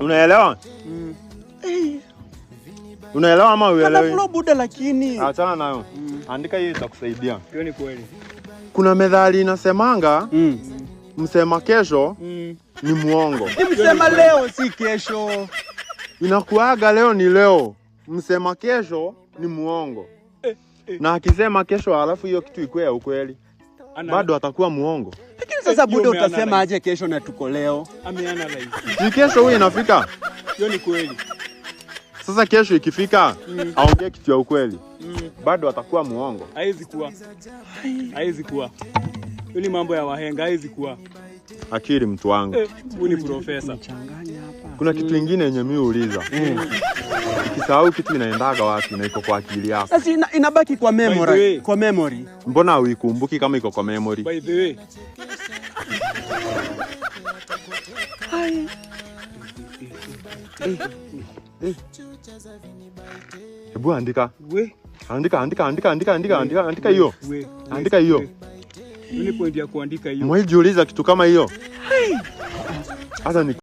Unaelewa? Mm. Unaelewa ama uelewi? Kuna buda lakini. Achana nayo. Mm. Andika itakusaidia. Hiyo ni kweli. Kuna methali inasemanga mm. msema kesho mm. ni muongo. Msema leo si kesho. Inakuaga leo ni leo, msema kesho ni muongo eh, eh. Na akisema kesho alafu hiyo kitu ukweli bado atakuwa muongo. Lakini sasa utasema aje kesho na tuko leo? Ni kesho huyu inafika. Hiyo ni kweli. Sasa kesho ikifika, mm. aongee kitu ya ukweli mm. bado atakuwa muongo. Haizi kuwa. Haizi kuwa. Hiyo ni mambo ya wahenga haizi kuwa. Akili mtu wangu. Eh, ni profesa. Kuna kitu kingine yenye mimi Mm. Ukisahau kitu inaendaga wapi na iko kwa akili yako? Sasa ina, inabaki kwa memory, kwa memory. Mbona uikumbuki kama iko kwa memory? By the way, Ay. Hebu andika. We. Andika andika andika andika andika andika andika hiyo. Andika hiyo. Nini point ya kuandika hiyo? Mwejiuliza kitu kama hiyo. Sasa ni